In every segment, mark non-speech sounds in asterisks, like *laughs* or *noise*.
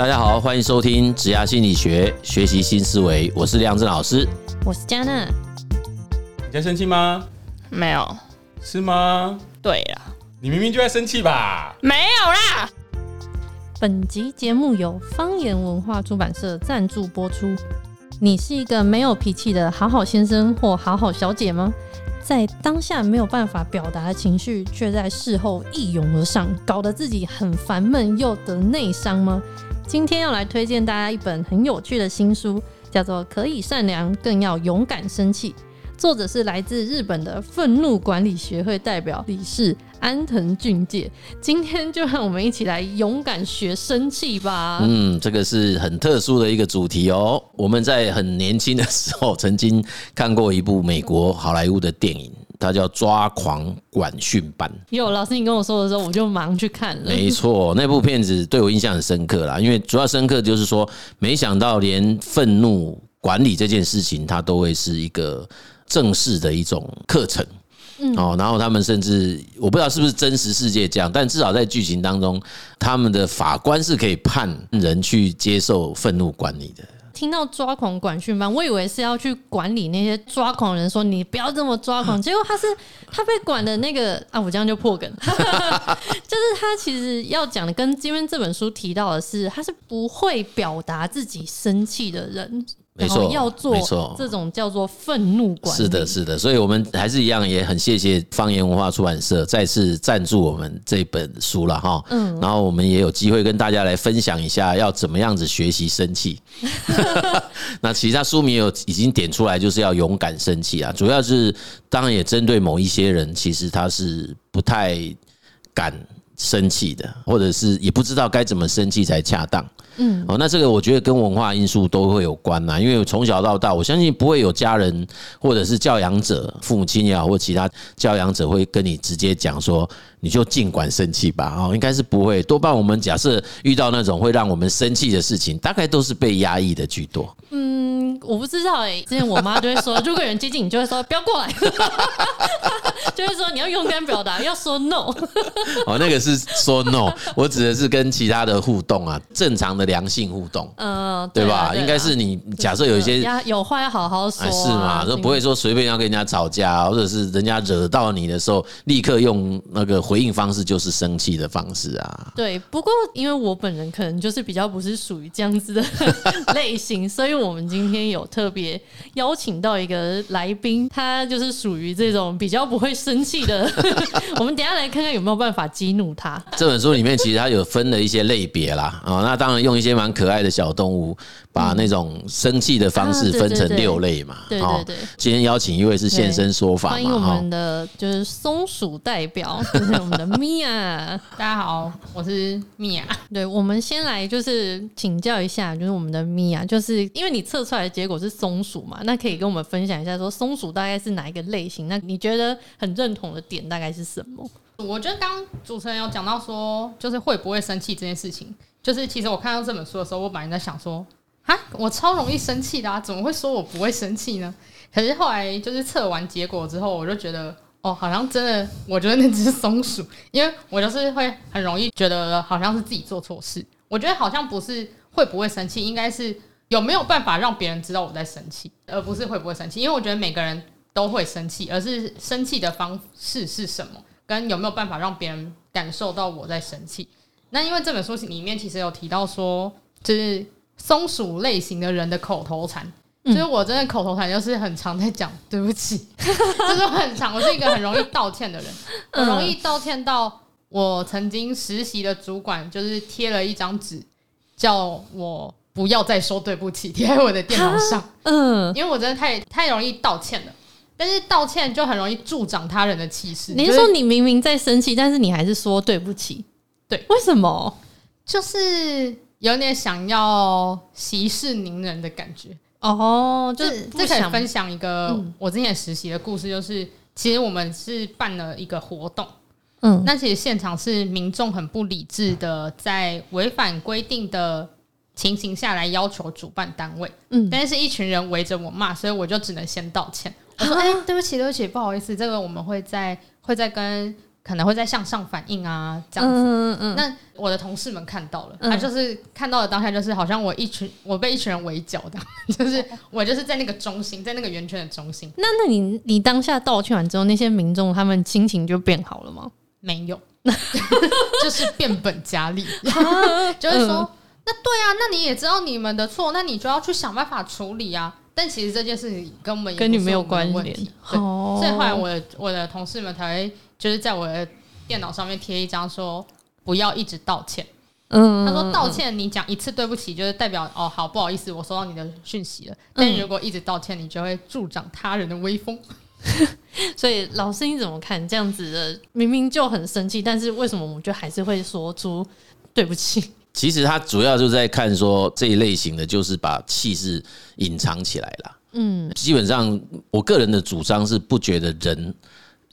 大家好，歡迎收聽《職業心理學》，學習新思維。我是亮震老師，我是嘉那。你在生氣嗎？沒有。是嗎？對呀了，你明明就在生氣吧？沒有啦。本集節目由方言文化出版社贊助播出。你是一個沒有脾氣的好好先生或好好小姐嗎？在當下沒有辦法表達的情緒，卻在事後一湧而上，搞得自己很煩悶又得內傷嗎？今天要來推薦大家一本很有趣的新書，叫做《可以善良，更要勇敢生氣》。作者是來自日本的憤怒管理學會代表理事安藤俊介。今天就讓我們一起來勇敢學生氣吧。嗯，這個是很特殊的一個主題哦、喔。我們在很年輕的時候曾經看過一部美國好萊塢的電影，它叫《抓狂管訓班》。有老師，你跟我說的時候，我就忙去看了。沒錯，那部片子對我印象很深刻啦。因為主要深刻就是說，沒想到連憤怒管理這件事情，它都會是一個。正式的一種課程，嗯、哦，然後他們甚至我不知道是不是真實世界這樣，但至少在劇情當中，他們的法官是可以判人去接受憤怒管理的。聽到抓狂管訓班，我以為是要去管理那些抓狂人，說你不要這麼抓狂。嗯、結果他是他被管的那個啊，我這樣就破梗， *laughs* 就是他其實要講的跟今天這本書提到的是，他是不會表達自己生氣的人。沒錯，要做，沒錯，這種叫做憤怒管理。是的，是的，所以我們還是一樣，也很謝謝方言文化出版社再次贊助我們這本書了哈。嗯，然後我們也有機會跟大家來分享一下要怎麼樣子學習生氣。 *laughs* *laughs* 那其他書名有已經點出來，就是要勇敢生氣啊。主要是當然也針對某一些人，其實他是不太敢，生氣的，或者是也不知道該怎麼生氣才恰當。嗯，哦，那這個我覺得跟文化因素都會有關啊，因為從小到大，我相信不會有家人或者是教養者、父母親也好，或其他教養者會跟你直接講說。你就儘管生氣吧。哦，應該是不會，多半我們假設遇到那種會讓我們生氣的事情，大概都是被壓抑的居多。嗯，我不知道、欸、之前我媽就會說， *laughs* 如果有人接近你，就會說不要過來 *laughs* *laughs* 就會說你要勇敢表達，要說 no *laughs* 。哦，那個是說 no，我指的是跟其他的互動啊，正常的良性互動，嗯、呃，對吧？對啊、應該是你假設有一些、這個、有話要好好說、啊哎，是嘛？就因為 不會說隨便要跟人家吵架，或者是人家惹到你的時候，立刻用那個。回應方式就是生氣的方式啊！對，不過因為我本人可能就是比較不是屬於這樣子的類型， *laughs* 所以我們今天有特別邀請到一個來賓，他就是屬於這種比較不會生氣的。 *laughs* 我們等一下來看看有沒有辦法激怒他。這本書裡面其實他有分了一些類別啦，啊， *laughs* 那當然用一些蠻可愛的小動物。把那種生氣的方式分成六類嘛，對對。今天邀請一位是現身說法嘛，歡迎我們的就是松鼠代表，就是我們的米婭。大家好，我是米婭。對，我們先來就是請教一下，就是我們的米婭，就是因為你測出來的結果是松鼠嘛，那可以跟我們分享一下，說松鼠大概是哪一個類型？那你覺得很認同的點大概是什麼？我覺得剛剛主持人有講到說，就是會不會生氣這件事情，就是其實我看到這本書的時候，我本來在想說。啊，我超容易生氣的啊，怎麼會說我不會生氣呢？可是後來就是測完結果之後，我就覺得哦，好像真的，我覺得那只松鼠，因為我就是會很容易覺得好像是自己做錯事。我覺得好像不是會不會生氣，應該是有沒有辦法讓別人知道我在生氣，而不是會不會生氣。因為我覺得每個人都會生氣，而是生氣的方式是什麼，跟有沒有辦法讓別人感受到我在生氣。那因為這本書裡面其實有提到說，就是。松鼠類型的人的口頭禪，嗯、就是我真的口頭禪，就是很常在講對不起，嗯、就是很常我是一個很容易道歉的人，很、嗯、容易道歉到我曾經實習的主管就是貼了一張紙叫我不要再說對不起，貼在我的電腦上，嗯，因為我真的太太容易道歉了，但是道歉就很容易助長他人的氣勢。嗯，就是、你說你明明在生氣，但是你還是說對不起？對，為什麼？就是。有點想要息事寧人的感覺哦，就是這可以分享一個我之前實習的故事，就是、嗯、其實我們是辦了一個活動，嗯，那其實現場是民眾很不理智的在違反規定的情形下來要求主辦單位，嗯，但是一群人圍着我罵，所以我就只能先道歉，我說、啊、哎，對不起，對不起，不好意思，這個我們會再會再跟。可能會再向上反映啊，這樣子。那我的同事們看到了，他就是看到的當下，就是好像我一群我被一群人圍剿的，就是我就是在那個中心，在那個圓圈的中心。那那你你當下道歉完之後，那些民眾他們心情就變好了嗎？沒有，就是變本加厲，就是說，那對啊，那你也知道你們的錯，那你就要去想辦法處理啊。但其實這件事情根本跟你沒有關聯，所以後來我我的同事們才。就是在我的電腦上面貼一張說，不要一直道歉。嗯，嗯，嗯嗯嗯嗯、他說道歉，你講一次對不起，就是代表哦，好不好意思，我收到你的訊息了。但如果一直道歉，你就會助長他人的威風。 *laughs* 所以老師你怎麼看這樣子的？明明就很生氣，但是為什麼我們就還是會說出對不起？其實他主要就是在看說這一類型的，就是把氣勢隱藏起來了。嗯，基本上我個人的主張是不覺得人。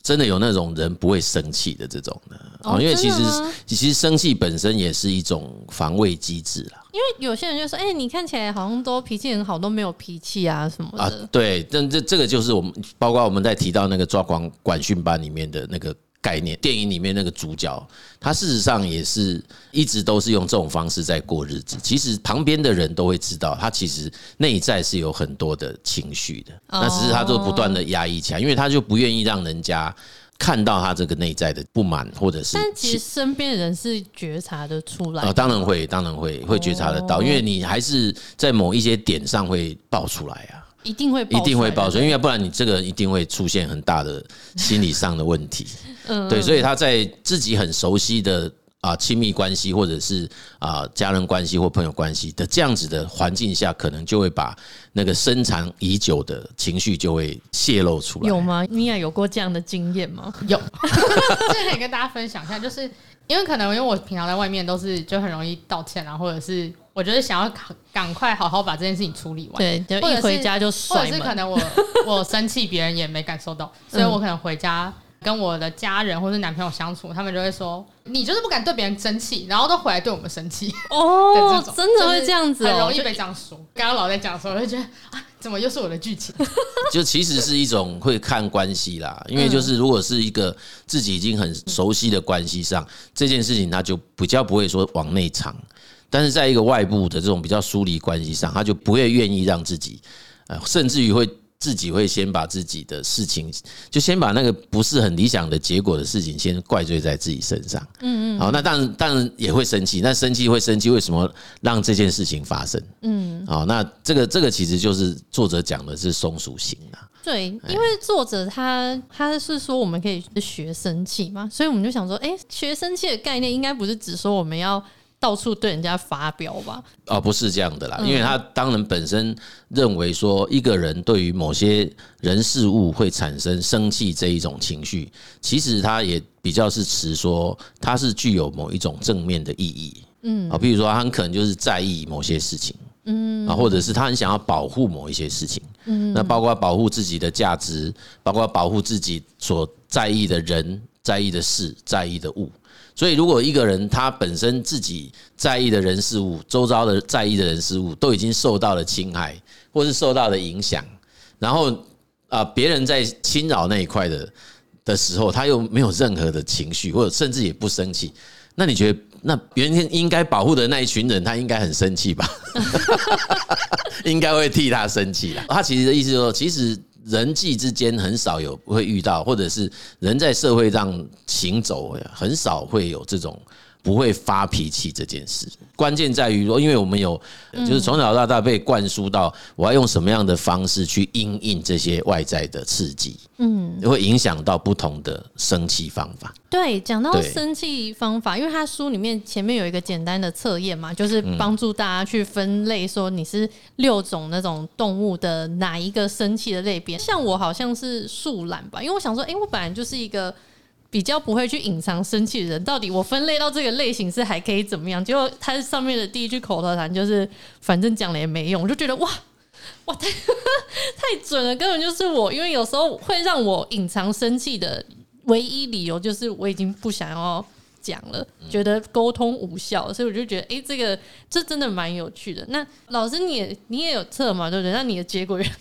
真的有那種人不會生氣的這種的哦，因為其實其實生氣本身也是一種防衛機制啦、哦。因為有些人就說，哎、欸，你看起來好像都脾氣很好，都沒有脾氣啊什麼的。啊，對，但這這個就是我們，包括我們在提到那個抓狂管訓班裡面的那個。概念電影裡面那個主角，他事實上也是一直都是用這種方式在過日子。其實旁邊的人都會知道，他其實內在是有很多的情緒的，那只是他就不斷的壓抑起來，因為他就不願意讓人家看到他這個內在的不滿或者是。但其實身邊的人是覺察得出來。啊、哦，當然會，當然會會覺察得到，哦、因為你還是在某一些點上會爆出來啊。一定會，一定會爆炸，因為不然你這個一定會出現很大的心理上的問題。嗯，對，所以他在自己很熟悉的。啊，親密關係或者是啊，家人關係或朋友關係的這樣子的環境下，可能就會把那個深藏已久的情緒就會泄露出來。有嗎？你 i 有過這樣的經驗嗎？有，這 *laughs* *laughs* 以跟大家分享一下，就是因為可能因為我平常在外面都是就很容易道歉，啊，然後或者是我覺得想要趕快好好把這件事情處理完，對，就一回家就或者，或者是可能我我生氣，別人也沒感受到， *laughs* 所以我可能回家。跟我的家人或是男朋友相處，他們就會說，你就是不敢對別人生氣，然後都回來對我們生氣。哦，真的會這樣子，很容易被這樣說。剛剛老在講的時候，我就覺得啊，怎麼又是我的劇情？ *laughs* 就其實是一種會看關係啦，因為就是如果是一個自己已經很熟悉的關係上，這件事情他就比較不會說往內藏；但是在一個外部的這種比較疏離關係上，他就不會願意讓自己甚至於會。自己會先把自己的事情，就先把那個不是很理想的結果的事情，先怪罪在自己身上。嗯嗯。好，那當然，當然也會生氣。那生氣會生氣，為什麼讓這件事情發生？嗯。好，那這個這個其實就是作者講的是松鼠型的、啊。嗯、對，因為作者他他是說我們可以學生氣嘛，所以我們就想說，哎、欸，學生氣的概念應該不是只說我們要。到處對人家發飆吧？啊，不是這樣的啦，因為他當然本身認為說，一個人對於某些人事物會產生生氣這一種情緒，其實他也比較是持說，他是具有某一種正面的意義。嗯，啊，譬如說他很可能就是在意某些事情，嗯，啊，或者是他很想要保護某一些事情，嗯，那包括保護自己的價值，包括保護自己所在意的人、在意的事、在意的物。所以，如果一個人他本身自己在意的人事物、周遭的在意的人事物都已經受到了侵害，或是受到了影響，然後啊，別人在侵擾那一塊的的時候，他又沒有任何的情緒，或者甚至也不生氣，那你覺得，那原先應該保護的那一群人，他應該很生氣吧？ *laughs* *laughs* 應該會替他生氣啦。他其實的意思就是說，其實。人際之間很少有會遇到，或者是人在社會上行走，很少會有這種。不會發脾氣這件事，關鍵在於說，因為我們有，就是從小到大被灌輸到，我要用什麼樣的方式去因應這些外在的刺激，嗯，會影響到不同的生氣方，嗯、方法。對，講到生氣方法，因為他書裡面前面有一個簡單的測驗嘛，就是幫助大家去分類，說你是六種那種動物的哪一個生氣的類別。像我好像是樹懶吧，因為我想說，哎、欸，我本來就是一個。比較不會去隱藏生氣的人，到底我分類到這個類型是還可以怎麼樣？結果他上面的第一句口頭禪就是“反正講了也沒用”，我就覺得哇，哇太呵呵太準了，根本就是我。因為有時候會讓我隱藏生氣的唯一理由就是我已經不想要講了，覺得溝通無效，嗯、所以我就覺得，哎、欸，這個這真的蠻有趣的。那老師你也，你你也有測嘛，對不對？那你的結果、就是，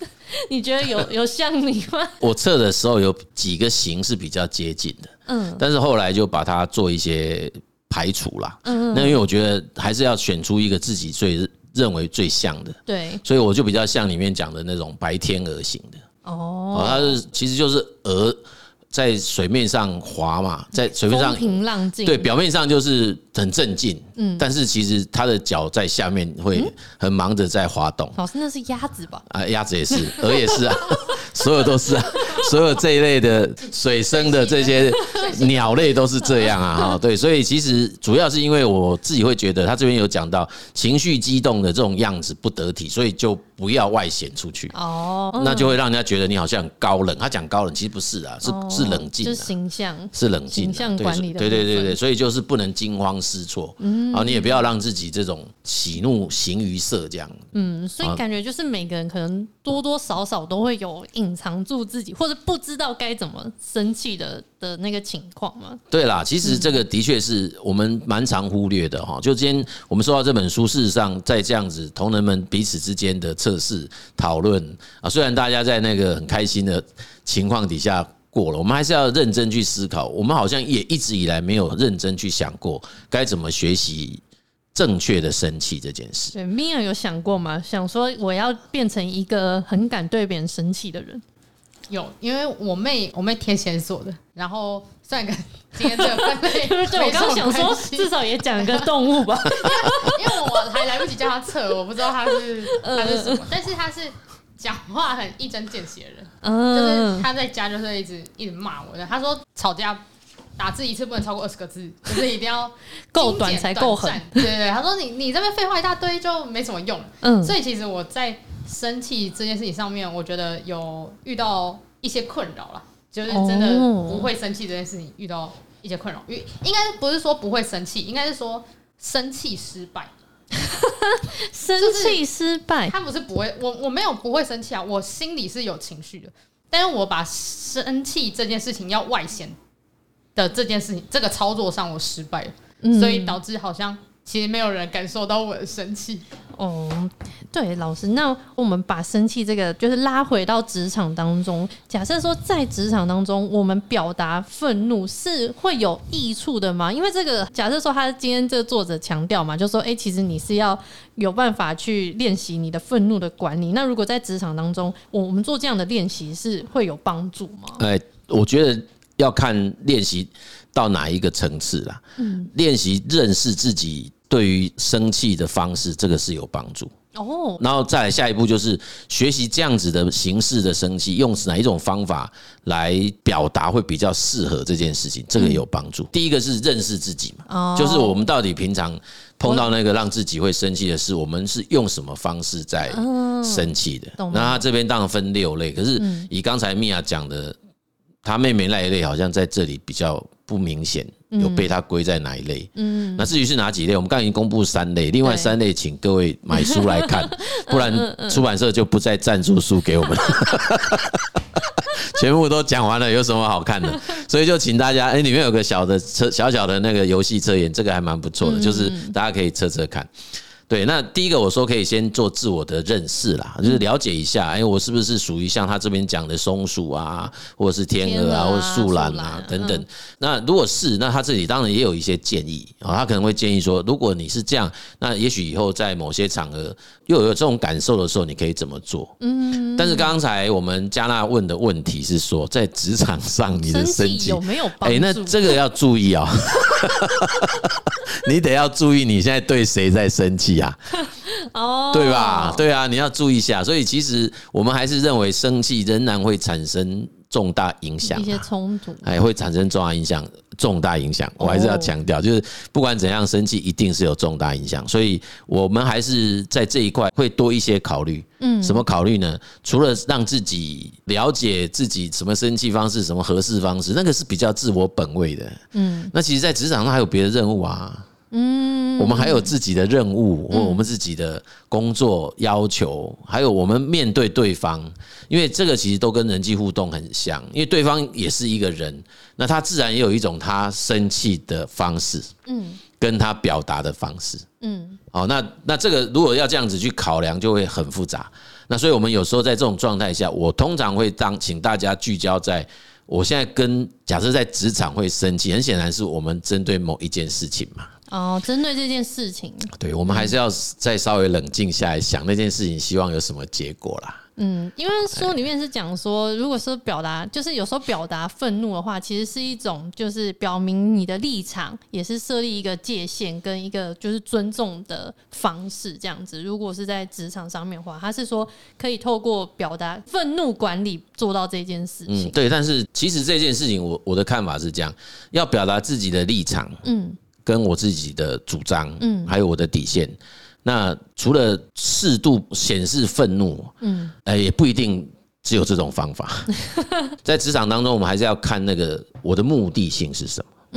你覺得有有像你嗎？我測的時候有幾個型是比較接近的，嗯，但是後來就把它做一些排除啦，嗯。那因為我覺得還是要選出一個自己最認為最像的，對。所以我就比較像裡面講的那種白天鵝型的，哦，它是其實就是鵝，在水面上滑嘛，在水面上，風平浪靜，對，表面上就是。很鎮靜，嗯，但是其實他的腳在下面會很忙着在滑動。嗯。老師，那是鴨子吧？啊，鴨子也是，鵝也是啊， *laughs* 所有都是啊，所有這一類的水生的這些鳥類都是這樣啊，哈，對，所以其實主要是因為我自己會覺得他這邊有講到情緒激動的這種樣子不得體，所以就不要外顯出去哦，那就會讓人家覺得你好像很高冷。他講高冷其實不是啊，是是冷靜，是形象，是冷靜，的，對對對對，所以就是不能驚慌。試錯，嗯，啊，你也不要讓自己這種喜怒形於色，這樣，嗯，所以感覺就是每個人可能多多少少都會有隱藏住自己，或者不知道該怎麼生氣的的那個情況嘛。對啦，其實這個的確是我們蠻常忽略的哈。就今天我們說到這本書，事實上在這樣子同仁們彼此之間的測試討論啊，雖然大家在那個很開心的情況底下。過了，我們還是要認真去思考。我們好像也一直以來沒有認真去想過該怎麼學習正確的生氣這件事。對，Mia 有想過嗎？想說我要變成一個很敢對別人生氣的人。有，因為我妹，我妹天蠍座的，然後算個今天這個分類 *laughs* 對，我剛想說，至少也講一個動物吧， *laughs* 因為因為我還來不及叫他測，我不知道他是他是什麼，呃、但是他是。講話很一針見血的人，嗯，就是他在家就是一直一直罵我的。他說，吵架打字一次不能超過二十個字，就是一定要夠短才夠狠。對，對對，他說你你這邊廢話一大堆就沒什麼用。嗯，所以其實我在生氣這件事情上面，我覺得有遇到一些困擾了，就是真的不會生氣這件事情遇到一些困擾。因為應該不是說不會生氣，應該是說生氣失敗。 *laughs* 生氣失敗，他不是不會，我我沒有不會生氣啊，我心裡是有情緒的，但是我把生氣這件事情要外顯的這件事情，這個操作上我失敗了，嗯、所以導致好像。其實沒有人感受到我的生氣。哦，oh, 對，老師，那我們把生氣這個，就是拉回到職場當中。假設說，在職場當中，我們表達憤怒是會有益處的嗎？因為這個，假設說，他今天這個作者強調嘛，就說，哎、欸，其實你是要有辦法去練習你的憤怒的管理。那如果在職場當中，我我們做這樣的練習是會有幫助嗎？哎、欸，我覺得要看練習到哪一個層次啦。嗯，練習認識自己。對於生氣的方式，這個是有幫助哦。然後再來下一步就是學習這樣子的形式的生氣，用哪一種方法來表達會比較適合這件事情，這個有幫助。第一個是認識自己，就是我們到底平常碰到那個讓自己會生氣的事，我們是用什麼方式在生氣的？那他這邊當然分六類，可是以剛才米婭講的，她妹妹那一類好像在這裡比較不明顯。有被它歸在哪一類？嗯，嗯，嗯、那至於是哪幾類，我們剛剛已經公布三類，另外三類請各位買書來看，對 不然出版社就不再贊助書給我們了。嗯嗯嗯、 *laughs* 全部都講完了，有什麼好看的？所以就請大家，哎、欸，裡面有個小的車，小小的那個遊戲測驗，這個還蠻不錯的，就是大家可以測測看。嗯嗯 *laughs* 對，那第一個我說可以先做自我的認識啦，就是了解一下，哎、欸，我是不是屬於像他這邊講的松鼠啊，或者是天鵝啊，啊或者是樹懶啊，啊等等。嗯、那如果是，那他自己當然也有一些建議啊，他可能會建議說，如果你是這樣，那也許以後在某些場合又有這種感受的時候，你可以怎麼做？嗯，嗯，嗯。但是剛才我們加納問的問題是說，在職場上你的生氣有沒有幫助？哎、欸，那這個要注意啊、喔， *laughs* 你得要注意你現在對誰在生氣。呀，哦， *laughs* oh，對吧？對啊，你要注意一下。所以其實我們還是認為生氣仍然會產生重大影響，啊，一些衝突，哎，會產生重大影響，重大影響。我還是要強調，oh. 就是不管怎樣生氣，一定是有重大影響。所以我們還是在這一塊會多一些考慮。嗯，什麼考慮呢？除了讓自己了解自己什麼生氣方式，什麼合適方式，那個是比較自我本位的。嗯，那其實，在職場上還有別的任務啊。嗯，我們還有自己的任務或我們自己的工作要求，還有我們面對對方，因為這個其實都跟人際互動很像，因為對方也是一個人，那他自然也有一種他生氣的方式，嗯，跟他表達的方式，嗯，哦，那那這個如果要這樣子去考量，就會很複雜。那所以我們有時候在這種狀態下，我通常會當請大家聚焦在我現在跟假設在職場會生氣，很顯然是我們針對某一件事情嘛。哦，針對這件事情，對，我們還是要再稍微冷靜下來，想那件事情，希望有什麼結果啦。嗯，因為書裡面是講說，如果說表達，就是有時候表達憤怒的話，其實是一種就是表明你的立場，也是設立一個界限跟一個就是尊重的方式，這樣子。如果是在職場上面的話，他是說可以透過表達憤怒管理做到這件事情。嗯，對。但是其實這件事情，我我的看法是這樣：要表達自己的立場，嗯。跟我自己的主張，嗯，還有我的底線。那除了適度顯示憤怒，嗯，哎，也不一定只有這種方法。在職場當中，我們還是要看那個我的目的性是什麼？嗯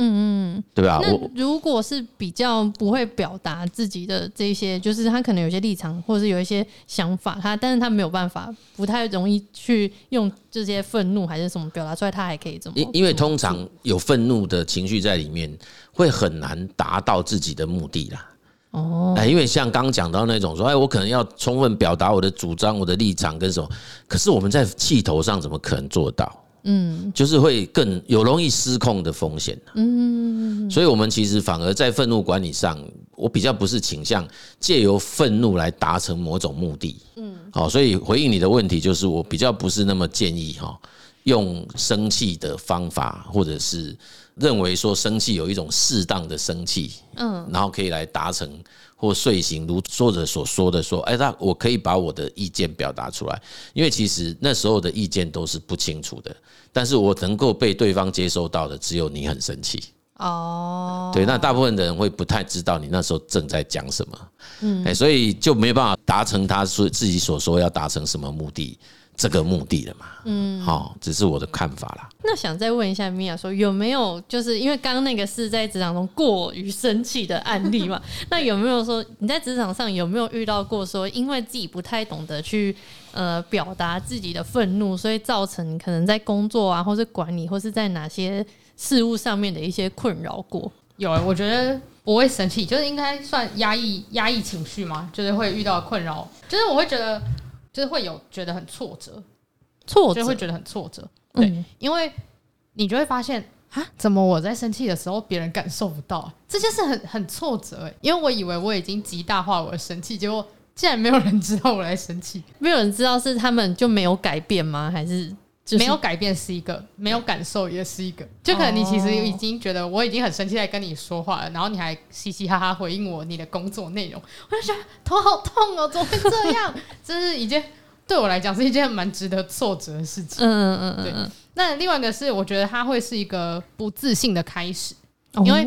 嗯，對吧？那如果是比較不會表達自己的這些，就是他可能有些立場，或者是有一些想法，他但是他沒有辦法，不太容易去用這些憤怒還是什麼表達出來，他還可以怎麼？因因為通常有憤怒的情緒在裡面，會很難達到自己的目的啦。哦，哎，因為像剛剛講到那種說，哎，我可能要充分表達我的主張、我的立場跟什麼，可是我們在氣頭上，怎麼可能做到？嗯， *noise* 就是會更有容易失控的風險。嗯，所以，我們其實反而在憤怒管理上，我比較不是傾向借由憤怒來達成某種目的。嗯，好，所以回應你的問題，就是我比較不是那麼建議哈，用生氣的方法，或者是。認為說生氣有一種適當的生氣，嗯，然後可以來達成或遂行，如作者所說的說，哎、欸，那我可以把我的意見表達出來，因為其實那時候的意見都是不清楚的，但是我能夠被對方接收到的，只有你很生氣哦，對，那大部分的人會不太知道你那時候正在講什麼，嗯、欸，所以就沒辦法達成他說自己所說要達成什麼目的。這個目的的嘛，嗯，好、哦，只是我的看法啦。那想再問一下，米婭說有沒有就是因為剛剛那個是在職場中過於生氣的案例嘛？ *laughs* 那有沒有說你在職場上有沒有遇到過說因為自己不太懂得去呃表達自己的憤怒，所以造成可能在工作啊或是管理或是在哪些事物上面的一些困擾過？有、欸，我覺得不會生氣，就是應該算壓抑壓抑情緒嘛，就是會遇到困擾，就是我會覺得。就是會有覺得很挫折，挫折就會覺得很挫折，對，嗯、因為你就會發現啊，怎麼我在生氣的時候別人感受不到、啊？這些是很很挫折、欸，因為我以為我已經極大化我的生氣，結果竟然沒有人知道我在生氣，沒有人知道是他們就沒有改變嗎？還是？沒有改變是一個，沒有感受也是一個。就可能你其實已經覺得我已經很生氣在跟你說話了，哦、然後你還嘻嘻哈哈回應我，你的工作內容，我就覺得頭好痛哦，怎麼會這樣？ *laughs* 這是一件對我來講是一件蠻值得挫折的事情。嗯嗯嗯，對。那另外一個是，我覺得它會是一個不自信的開始，因為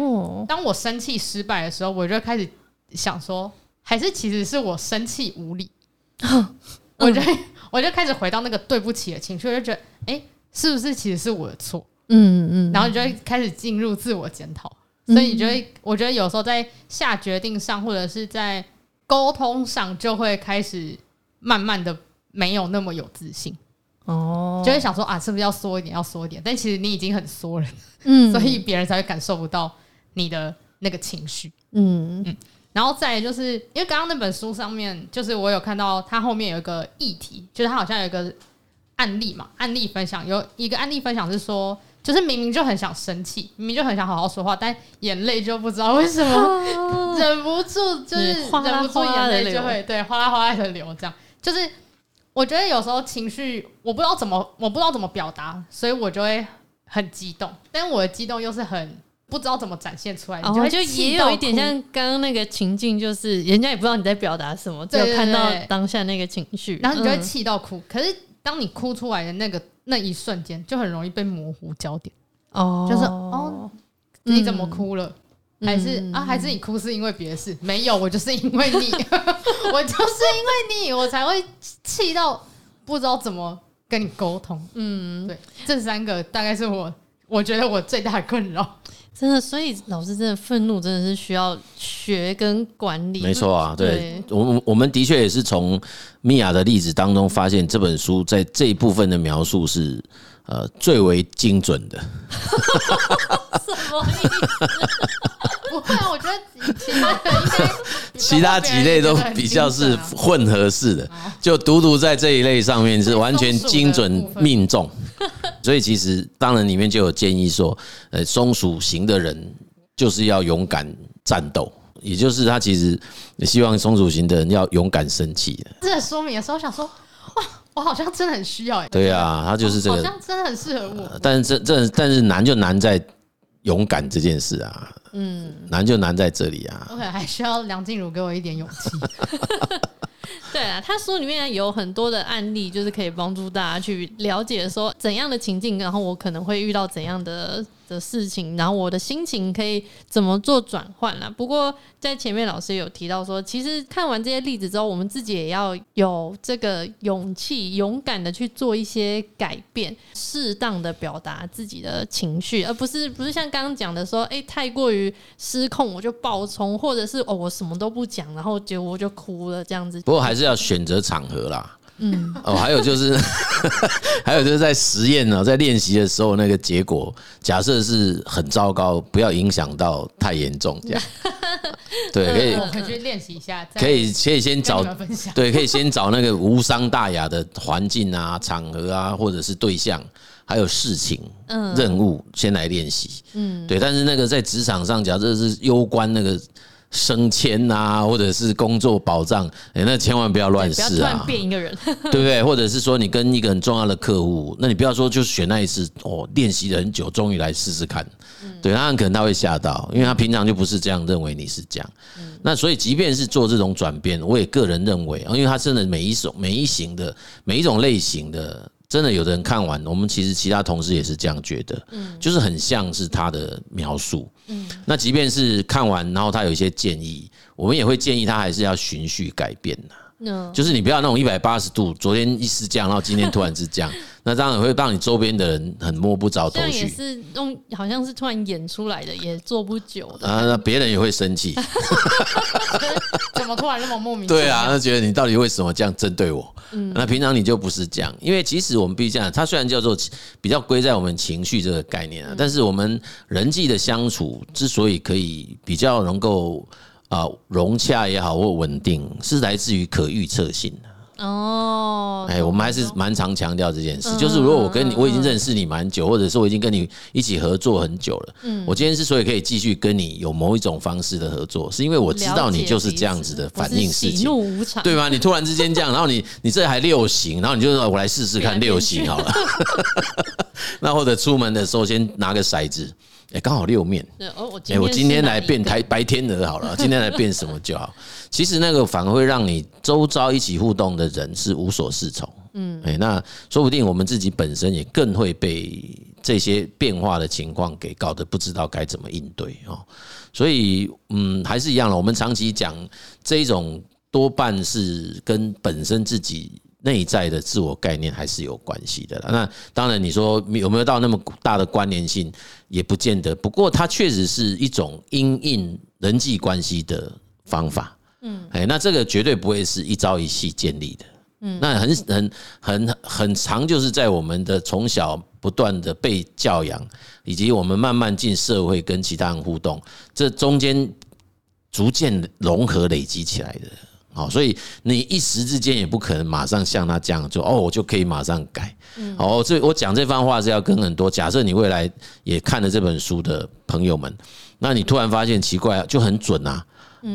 當我生氣失敗的時候，我就開始想說，還是其實是我生氣無力。嗯、我覺得。我就開始回到那個對不起的情緒，我就覺得，欸，是不是其實是我的錯？嗯。嗯嗯。然後你就會開始進入自我檢討，所以你就會，嗯。我覺得有時候在下決定上，或者是在溝通上，就會開始慢慢的沒有那麼有自信。哦。就會想說啊，是不是要縮一點，要縮一點？但其實你已經很縮了，嗯。所以別人才會感受不到你的那個情緒。嗯嗯。嗯然後再就是因為剛剛那本書上面，就是我有看到它後面有一個議題，就是它好像有一個案例嘛，案例分享，有一個案例分享是說，就是明明就很想生氣，明明就很想好好說話，但眼淚就不知道為什麼、啊、忍不住，就是嘩啦嘩啦的忍不住眼淚就會對嘩啦嘩啦的流，這樣。就是我覺得有時候情緒我不知道怎麼我不知道怎麼表達，所以我就會很激動，但我的激動又是很。不知道怎麼展現出來，你就、哦、就也有一點像剛剛那個情境，就是人家也不知道你在表達什麼，對對對對，只有看到當下那個情緒，然後、嗯、你就會氣到哭。可是當你哭出來的那個那一瞬間，就很容易被模糊焦點。哦，就是哦，你怎麼哭了？嗯、還是啊？還是你哭是因為別的事？沒有，我就是因為你， *laughs* *laughs* 我就是因為你，我才會氣到不知道怎麼跟你溝通。嗯，對，這三個大概是我我覺得我最大的困擾。真的，所以老師真的憤怒，真的是需要學跟管理！沒錯啊，對我，我我們的確也是從米婭的例子當中發現，這本書在這一部分的描述是呃最為精準的。 *laughs* 什麼意思？不會啊，我覺得其他的、啊、其他幾類都比較是混合式的，就獨獨在這一類上面是完全精準命中，所以其實當然裡面就有建議說，呃，松鼠型的人就是要勇敢戰鬥，也就是他其實也希望松鼠型的人要勇敢生氣的。這說明的時候想說，哇，我好像真的很需要哎。對啊，他就是這個，好像真的很適合我。但是這這但是難就難在勇敢這件事啊。嗯，難就難在這裡啊。OK，還需要梁靜茹給我一點勇氣。 *laughs* *laughs* 對啊，他書裡面有很多的案例，就是可以幫助大家去了解說怎樣的情境，然後我可能會遇到怎樣的的事情，然後我的心情可以怎麼做轉換啦。不過在前面老師也有提到說，其實看完這些例子之後，我們自己也要有這個勇氣，勇敢的去做一些改變，適當的表達自己的情緒，而不是不是像剛剛講的說，哎、欸，太過於失控我就爆衝，或者是哦、喔、我什麼都不講，然後結果我就哭了這樣子。不過還是。要選擇場合啦，嗯哦，還有就是，還有就是在實驗呢，在練習的時候，那個結果假設是很糟糕，不要影響到太嚴重，這樣。對，可以去練習一下，可以可以先找。對，可以先找那個無傷大雅的環境啊、場合啊，或者是對象，還有事情、任務，先來練習，嗯，對，但是那個在職場上，假設是攸關那個。升遷啊，或者是工作保障，哎，那千萬不要亂試啊！變一個人， *laughs* 對不對？或者是說，你跟一個很重要的客戶，那你不要說，就選那一次，哦，練習了很久，終於來試試看。嗯、對，他很可能他會嚇到，因為他平常就不是這樣認為，你是這樣。嗯、那所以，即便是做這種轉變，我也個人認為，因為他真的每一種、每一型的、每一種類型的。真的，有的人看完，我們其實其他同事也是這樣覺得，就是很像是他的描述。那即便是看完，然後他有一些建議，我們也會建議他還是要循序改變。就是你不要那種一百八十度，昨天一直是這樣，然後今天突然是這樣，那這樣會讓你周邊的人很摸不着頭緒。這樣也是用，好像是突然演出來的，也做不久的啊、呃。那別人也會生氣， *laughs* 怎麼突然那麼莫名？對啊，他覺得你到底為什麼這樣針對我？嗯，那平常你就不是這樣，因為即使我們必須這樣，它雖然叫做比較歸在我們情緒這個概念啊，但是我們人際的相處之所以可以比較能夠。啊，融洽也好，或穩定是來自於可預測性的哦。哎，我們還是蠻常強調這件事，就是如果我跟你，我已經認識你蠻久，或者說我已經跟你一起合作很久了。嗯，我今天之所以可以繼續跟你有某一種方式的合作，是因為我知道你就是這樣子的反應事情。喜怒無常，對嗎？你突然之間這樣，然後你你這還六型，然後你就說我來試試看六型好了、嗯。了解 *laughs* 那或者出門的時候先拿個骰子。哎，剛好六面。哎，我今天來變台白天鵝好了。今天來變什麼就好？其實那個反而會讓你周遭一起互動的人是無所適從。嗯，哎，那說不定我們自己本身也更會被這些變化的情況給搞得不知道該怎麼應對哦，所以，嗯，還是一樣了。我們長期講這一種，多半是跟本身自己內在的自我概念還是有關係的。那當然，你說有沒有到那麼大的關聯性？也不見得，不過它確實是一種因應人際關係的方法，嗯，誒，那這個絕對不會是一朝一夕建立的，嗯，那很很很很常，就是在我們的從小不斷的被教養，以及我們慢慢進社會跟其他人互動，這中間逐漸融合累積起來的。好，所以你一時之間也不可能馬上像他這樣，做。哦，我就可以馬上改。哦，所以我講這番話是要跟很多假設你未來也看了這本書的朋友們，那你突然發現奇怪就很準啊，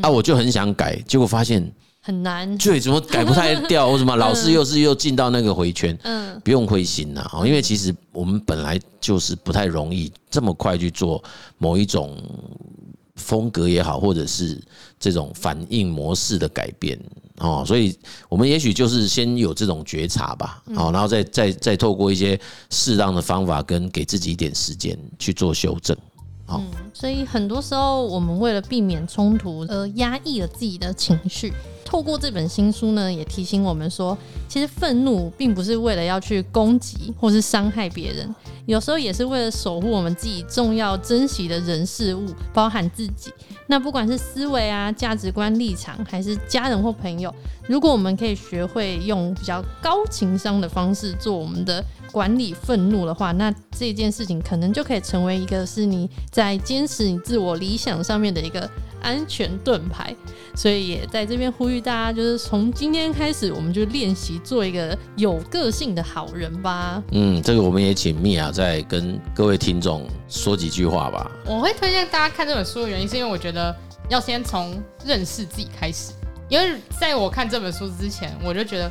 啊，我就很想改，結果發現很難，對，怎麼改不太掉？為什麼老是又是又進到那個回圈，嗯，不用灰心啊，因為其實我們本來就是不太容易這麼快去做某一種。風格也好，或者是這種反應模式的改變哦，所以我們也許就是先有這種覺察吧，哦，然後再再再透過一些適當的方法，跟給自己一點時間去做修正。嗯，所以很多時候我們為了避免衝突而壓抑了自己的情緒。透過這本新書呢，也提醒我們說，其實憤怒並不是為了要去攻擊或是傷害別人，有時候也是為了守護我們自己重要、珍惜的人事物，包含自己。那不管是思維啊、價值觀、立場，還是家人或朋友，如果我們可以學會用比較高情商的方式做我們的管理憤怒的話，那這件事情可能就可以成為一個是你在堅持你自我理想上面的一個安全盾牌，所以也在這邊呼籲大家，就是從今天開始，我們就練習做一個有個性的好人吧。嗯，這個我們也請米婭再跟各位聽眾說幾句話吧。我會推薦大家看這本書的原因，是因為我覺得要先從認識自己開始。因為在我看這本書之前，我就覺得，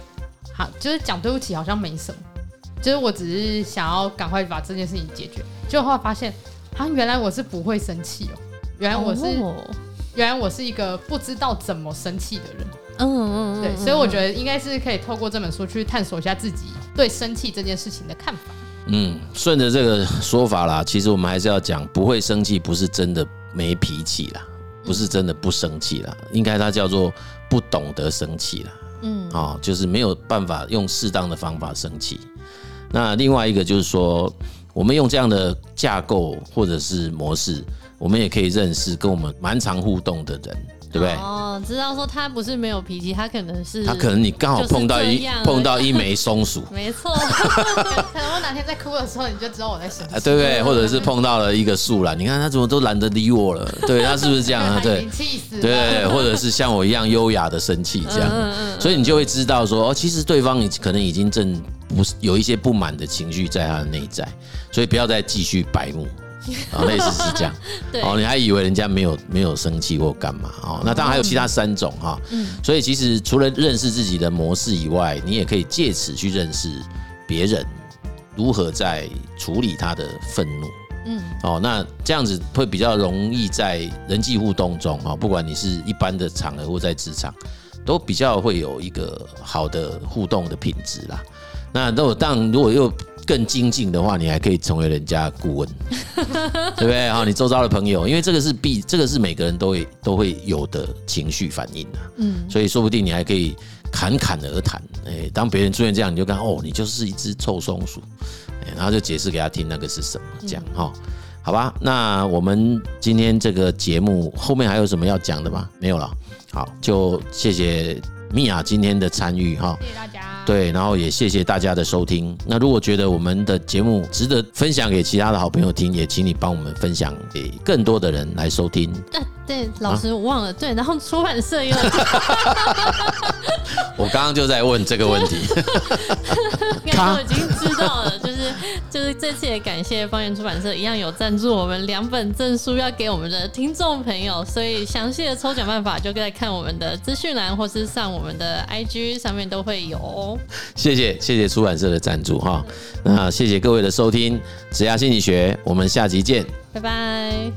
好，就是講對不起好像沒什麼，就是我只是想要趕快把這件事情解決。就後來發現，啊，原來我是不會生氣哦、喔，原來我是、嗯哦。原來我是一個不知道怎麼生氣的人，嗯嗯，對，所以我覺得應該是可以透過這本書去探索一下自己對生氣這件事情的看法。嗯，順着這個說法啦，其實我們還是要講，不會生氣不是真的沒脾氣啦，不是真的不生氣啦，應該它叫做不懂得生氣啦。嗯，啊，就是沒有辦法用適當的方法生氣。那另外一個就是說，我們用這樣的架構或者是模式。我們也可以認識跟我們蠻常互動的人，哦、對不對？哦，知道說他不是沒有脾氣，他可能是他可能你剛好碰到一碰到一枚松鼠，沒錯。 *laughs* 可能我哪天在哭的時候，你就知道我在想他對不對？或者是碰到了一個樹懶， *laughs* 你看他怎麼都懶得理我了，對，他是不是這樣啊？對， *laughs* 氣死了。對，對，或者是像我一樣優雅的生氣這樣， *laughs* 所以你就會知道說，哦，其實對方你可能已經正不是有一些不滿的情緒在他的內在，所以不要再繼續白目，哦， *laughs* 類似是這樣，哦，你還以為人家沒有沒有生氣或幹嘛哦？那當然還有其他三種哈，所以其實除了認識自己的模式以外，你也可以借此去認識別人如何在處理他的憤怒，嗯，哦，那這樣子會比較容易在人際互動中啊，不管你是一般的場合或在職場，都比較會有一個好的互動的品質啦。那如果當如果又更精進的話，你還可以成為人家顧問， *laughs* 對不對？哈，你周遭的朋友，因為這個是必，這個是每個人都會都會有的情緒反應的、啊，嗯，所以說不定你還可以侃侃而談，誒、欸，當別人出現這樣，你就看哦，你就是一隻臭松鼠、欸，然後就解釋給他聽那個是什麼這樣，哈、嗯哦，好吧，那我們今天這個節目後面還有什麼要講的嗎？沒有了，好，就謝謝。米婭今天的參與，哈，謝謝大家。對，然後也謝謝大家的收聽。那如果覺得我們的節目值得分享給其他的好朋友聽，也請你幫我們分享給更多的人來收聽。啊、對，老師，啊、我忘了。對，然後出版社又來……我剛剛就在問這個問題，我已經知道了，就是。就是這次也感謝方言出版社一樣有贊助我們兩本贈書要給我們的聽眾朋友，所以詳細的抽獎辦法就可以在看我們的資訊欄或是上我們的 IG 上面都會有、哦、謝謝謝謝出版社的贊助哈，的那謝謝各位的收聽《職業心理學》，我們下集見，拜拜。